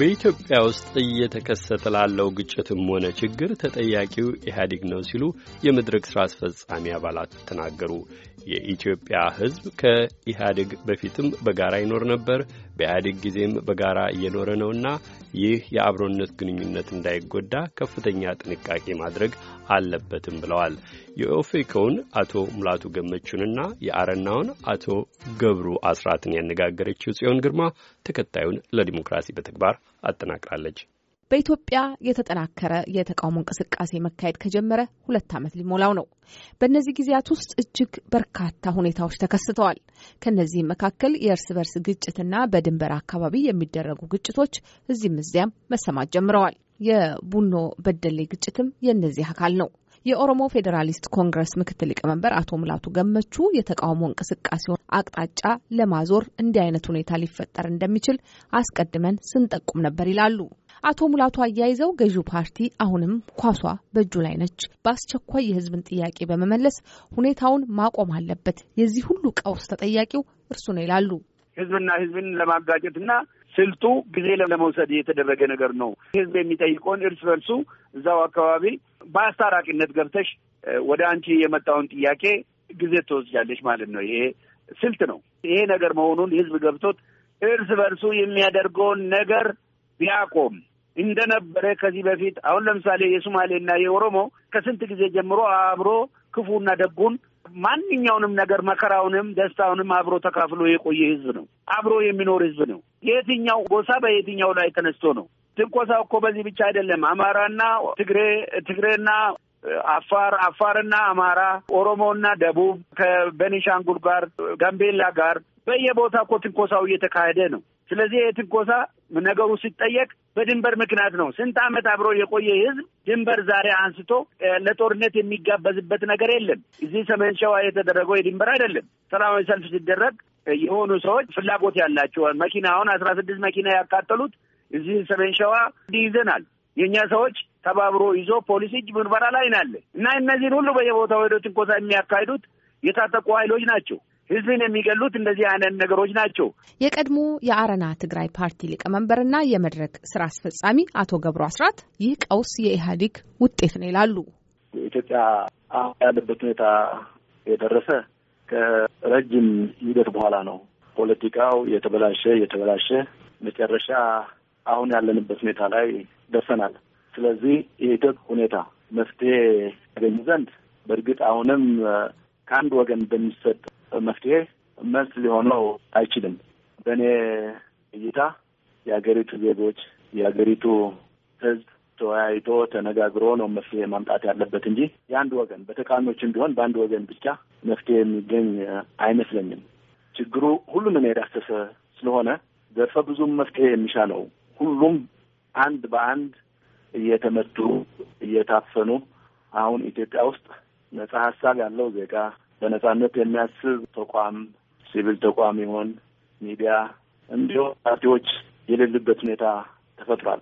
በኢትዮጵያ ውስጥ እየተከሰተ ላለው ግጭትም ሆነ ችግር ተጠያቂው ኢህአዴግ ነው ሲሉ የመድረክ ሥራ አስፈጻሚ አባላት ተናገሩ። የኢትዮጵያ ሕዝብ ከኢህአዴግ በፊትም በጋራ ይኖር ነበር፣ በኢህአዴግ ጊዜም በጋራ እየኖረ ነውና ይህ የአብሮነት ግንኙነት እንዳይጎዳ ከፍተኛ ጥንቃቄ ማድረግ አለበትም ብለዋል። የኦፌኮውን አቶ ሙላቱ ገመቹንና የአረናውን አቶ ገብሩ አስራትን ያነጋገረችው ጽዮን ግርማ ተከታዩን ለዲሞክራሲ በተግባር አጠናቅራለች። በኢትዮጵያ የተጠናከረ የተቃውሞ እንቅስቃሴ መካሄድ ከጀመረ ሁለት ዓመት ሊሞላው ነው። በእነዚህ ጊዜያት ውስጥ እጅግ በርካታ ሁኔታዎች ተከስተዋል። ከእነዚህም መካከል የእርስ በርስ ግጭትና በድንበር አካባቢ የሚደረጉ ግጭቶች እዚህም እዚያም መሰማት ጀምረዋል። የቡኖ በደሌ ግጭትም የእነዚህ አካል ነው። የኦሮሞ ፌዴራሊስት ኮንግረስ ምክትል ሊቀመንበር አቶ ሙላቱ ገመቹ የተቃውሞ እንቅስቃሴውን አቅጣጫ ለማዞር እንዲህ አይነት ሁኔታ ሊፈጠር እንደሚችል አስቀድመን ስንጠቁም ነበር ይላሉ። አቶ ሙላቱ አያይዘው ገዢው ፓርቲ አሁንም ኳሷ በእጁ ላይ ነች፣ በአስቸኳይ የህዝብን ጥያቄ በመመለስ ሁኔታውን ማቆም አለበት። የዚህ ሁሉ ቀውስ ተጠያቂው እርሱ ነው ይላሉ። ህዝብና ህዝብን ለማጋጨትና ስልቱ ጊዜ ለመውሰድ የተደረገ ነገር ነው። ህዝብ የሚጠይቀውን እርስ በርሱ እዛው አካባቢ በአስታራቂነት ገብተሽ ወደ አንቺ የመጣውን ጥያቄ ጊዜ ትወስጃለሽ ማለት ነው። ይሄ ስልት ነው። ይሄ ነገር መሆኑን ህዝብ ገብቶት እርስ በርሱ የሚያደርገውን ነገር ቢያቆም እንደነበረ ከዚህ በፊት አሁን ለምሳሌ የሶማሌና የኦሮሞ ከስንት ጊዜ ጀምሮ አብሮ ክፉና ደጉን ማንኛውንም ነገር መከራውንም ደስታውንም አብሮ ተካፍሎ የቆየ ህዝብ ነው። አብሮ የሚኖር ህዝብ ነው። የትኛው ጎሳ በየትኛው ላይ ተነስቶ ነው? ትንኮሳ እኮ በዚህ ብቻ አይደለም። አማራና ትግሬ፣ ትግሬና አፋር፣ አፋርና አማራ፣ ኦሮሞና ደቡብ ከቤኒሻንጉል ጋር፣ ጋምቤላ ጋር በየቦታ እኮ ትንኮሳው እየተካሄደ ነው። ስለዚህ ይህ ትንኮሳ ነገሩ ሲጠየቅ በድንበር ምክንያት ነው። ስንት ዓመት አብሮ የቆየ ህዝብ ድንበር ዛሬ አንስቶ ለጦርነት የሚጋበዝበት ነገር የለም። እዚህ ሰሜን ሸዋ የተደረገው የድንበር አይደለም። ሰላማዊ ሰልፍ ሲደረግ የሆኑ ሰዎች ፍላጎት ያላቸው አሁን አስራ ስድስት መኪና ያካተሉት እዚህ ሰሜን ሸዋ ይዘናል የእኛ ሰዎች ተባብሮ ይዞ ፖሊስ እጅ ምርመራ ላይ ናለ እና እነዚህን ሁሉ በየቦታው ሄዶ ትንኮሳ የሚያካሂዱት የታጠቁ ኃይሎች ናቸው። ህዝብን የሚገሉት እንደዚህ አይነት ነገሮች ናቸው። የቀድሞ የአረና ትግራይ ፓርቲ ሊቀመንበርና የመድረክ ስራ አስፈጻሚ አቶ ገብሩ አስራት ይህ ቀውስ የኢህአዴግ ውጤት ነው ይላሉ። ኢትዮጵያ ያለበት ሁኔታ የደረሰ ከረጅም ሂደት በኋላ ነው። ፖለቲካው የተበላሸ የተበላሸ መጨረሻ አሁን ያለንበት ሁኔታ ላይ ደርሰናል። ስለዚህ የኢትዮጵ ሁኔታ መፍትሄ ያገኝ ዘንድ በእርግጥ አሁንም ከአንድ ወገን በሚሰጥ መፍትሄ መልስ ሊሆነው አይችልም። በእኔ እይታ የሀገሪቱ ዜጎች የሀገሪቱ ህዝብ ተወያይቶ ተነጋግሮ ነው መፍትሄ ማምጣት ያለበት እንጂ የአንድ ወገን በተቃዋሚዎችም ቢሆን በአንድ ወገን ብቻ መፍትሄ የሚገኝ አይመስለኝም። ችግሩ ሁሉንም የዳሰሰ ስለሆነ ዘርፈ ብዙም መፍትሄ የሚሻ ነው። ሁሉም አንድ በአንድ እየተመቱ እየታፈኑ አሁን ኢትዮጵያ ውስጥ ነጻ ሀሳብ ያለው ዜጋ በነጻነት የሚያስብ ተቋም ሲቪል ተቋም ይሆን ሚዲያ እንዲሁም ፓርቲዎች የሌሉበት ሁኔታ ተፈጥሯል።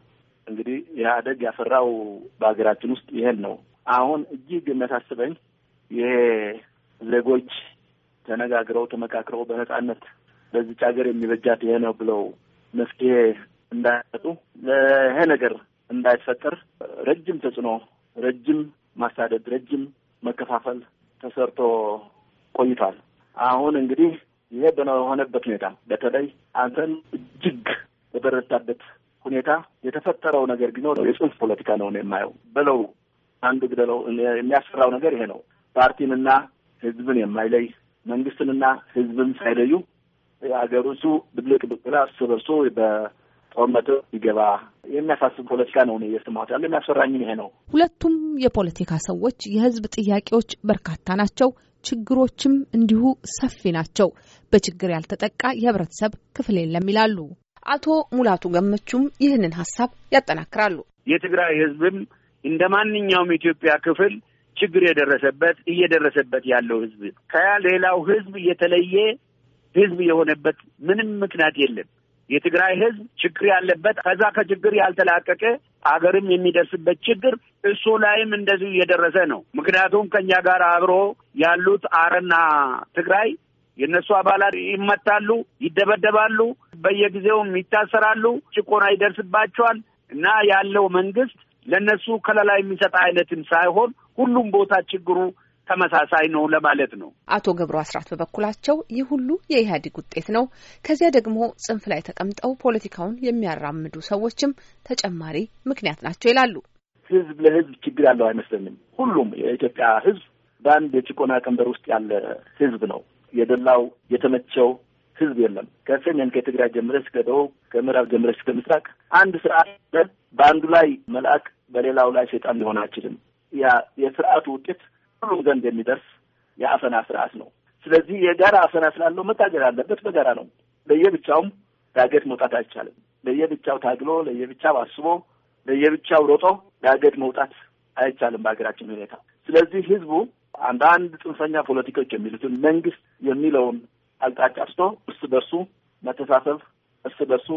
እንግዲህ ኢህአደግ ያፈራው በሀገራችን ውስጥ ይሄን ነው። አሁን እጅግ የሚያሳስበኝ ይሄ ዜጎች ተነጋግረው ተመካክረው በነጻነት በዚች ሀገር የሚበጃት ይሄ ነው ብለው መፍትሄ እንዳያጡ ይሄ ነገር እንዳይፈጠር ረጅም ተጽዕኖ፣ ረጅም ማሳደድ፣ ረጅም መከፋፈል ተሰርቶ ቆይቷል። አሁን እንግዲህ ይሄ በሆነበት ሁኔታ በተለይ አንተን እጅግ በበረታበት ሁኔታ የተፈጠረው ነገር ቢኖር የጽንፍ ፖለቲካ ነው የማየው። በለው አንዱ ግደለው የሚያስፈራው ነገር ይሄ ነው። ፓርቲንና ህዝብን የማይለይ መንግስትንና ህዝብን ሳይለዩ የሀገር የሀገሪቱ ድብልቅ ብቅላ እርስ በርሶ ጦርነት ይገባ የሚያሳስብ ፖለቲካ ነው የስማት ያለ የሚያስፈራኝም ይሄ ነው። ሁለቱም የፖለቲካ ሰዎች የህዝብ ጥያቄዎች በርካታ ናቸው። ችግሮችም እንዲሁ ሰፊ ናቸው። በችግር ያልተጠቃ የህብረተሰብ ክፍል የለም ይላሉ። አቶ ሙላቱ ገመቹም ይህንን ሀሳብ ያጠናክራሉ። የትግራይ ህዝብም እንደ ማንኛውም የኢትዮጵያ ክፍል ችግር የደረሰበት እየደረሰበት ያለው ህዝብ ከሌላው ህዝብ የተለየ ህዝብ የሆነበት ምንም ምክንያት የለም። የትግራይ ህዝብ ችግር ያለበት ከዛ ከችግር ያልተላቀቀ አገርም የሚደርስበት ችግር እሱ ላይም እንደዚሁ እየደረሰ ነው። ምክንያቱም ከእኛ ጋር አብሮ ያሉት አረና ትግራይ የእነሱ አባላት ይመታሉ፣ ይደበደባሉ፣ በየጊዜውም ይታሰራሉ፣ ጭቆና ይደርስባቸዋል እና ያለው መንግስት ለእነሱ ከለላ የሚሰጥ አይነትም ሳይሆን ሁሉም ቦታ ችግሩ ተመሳሳይ ነው ለማለት ነው። አቶ ገብሩ አስራት በበኩላቸው ይህ ሁሉ የኢህአዴግ ውጤት ነው። ከዚያ ደግሞ ጽንፍ ላይ ተቀምጠው ፖለቲካውን የሚያራምዱ ሰዎችም ተጨማሪ ምክንያት ናቸው ይላሉ። ህዝብ ለህዝብ ችግር ያለው አይመስለንም። ሁሉም የኢትዮጵያ ህዝብ በአንድ የጭቆና ቀንበር ውስጥ ያለ ህዝብ ነው። የደላው የተመቸው ህዝብ የለም። ከሰሜን ከትግራይ ጀምረ እስከ ደቡብ፣ ከምዕራብ ጀምረ እስከ ምስራቅ አንድ ስርዓት በአንዱ ላይ መልአክ በሌላው ላይ ሸይጣን ሊሆን አይችልም። ያ የስርዓቱ ውጤት ሁሉም ዘንድ የሚደርስ የአፈና ስርዓት ነው። ስለዚህ የጋራ አፈና ስላለው መታገል አለበት። በጋራ ነው። ለየብቻውም ዳገት መውጣት አይቻልም። ለየብቻው ታግሎ ለየብቻው አስቦ ለየብቻው ሮጦ ዳገት መውጣት አይቻልም በሀገራችን ሁኔታ። ስለዚህ ህዝቡ አንዳንድ ጽንፈኛ ፖለቲካዎች የሚሉትን መንግስት የሚለውን አቅጣጫ ስቶ እርስ በርሱ መተሳሰብ፣ እርስ በርሱ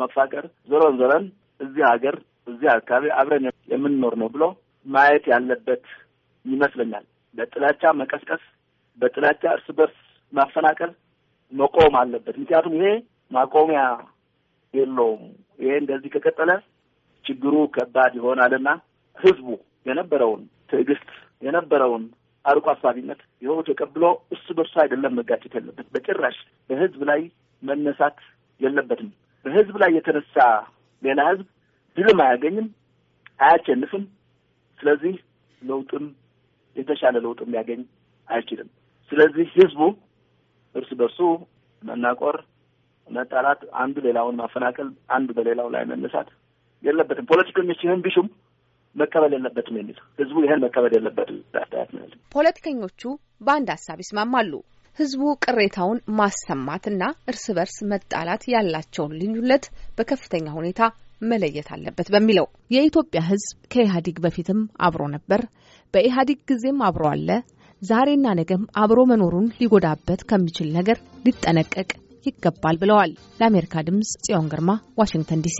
መፋቀር ዞረን ዞረን እዚህ ሀገር እዚህ አካባቢ አብረን የምንኖር ነው ብሎ ማየት ያለበት ይመስለኛል። በጥላቻ መቀስቀስ፣ በጥላቻ እርስ በርስ ማፈናቀል መቆም አለበት። ምክንያቱም ይሄ ማቆሚያ የለውም። ይሄ እንደዚህ ከቀጠለ ችግሩ ከባድ ይሆናልና ህዝቡ የነበረውን ትዕግስት የነበረውን አርቆ አሳቢነት ይኸው ተቀብሎ እሱ በእርሱ አይደለም መጋጨት ያለበት በጭራሽ በህዝብ ላይ መነሳት የለበትም። በህዝብ ላይ የተነሳ ሌላ ህዝብ ድልም አያገኝም፣ አያቸንፍም። ስለዚህ ለውጥም የተሻለ ለውጥ የሚያገኝ አይችልም። ስለዚህ ህዝቡ እርስ በርሱ መናቆር፣ መጣላት፣ አንዱ ሌላውን ማፈናቀል፣ አንዱ በሌላው ላይ መነሳት የለበትም። ፖለቲከኞች ይህን ቢሹም መቀበል የለበትም የሚል ህዝቡ ይህን መቀበል የለበትም አስተያየት ነው ፖለቲከኞቹ በአንድ ሀሳብ ይስማማሉ። ህዝቡ ቅሬታውን ማሰማትና እርስ በርስ መጣላት ያላቸውን ልዩነት በከፍተኛ ሁኔታ መለየት አለበት በሚለው የኢትዮጵያ ሕዝብ ከኢህአዴግ በፊትም አብሮ ነበር፣ በኢህአዴግ ጊዜም አብሮ አለ። ዛሬና ነገም አብሮ መኖሩን ሊጎዳበት ከሚችል ነገር ሊጠነቀቅ ይገባል ብለዋል። ለአሜሪካ ድምፅ ጽዮን ግርማ ዋሽንግተን ዲሲ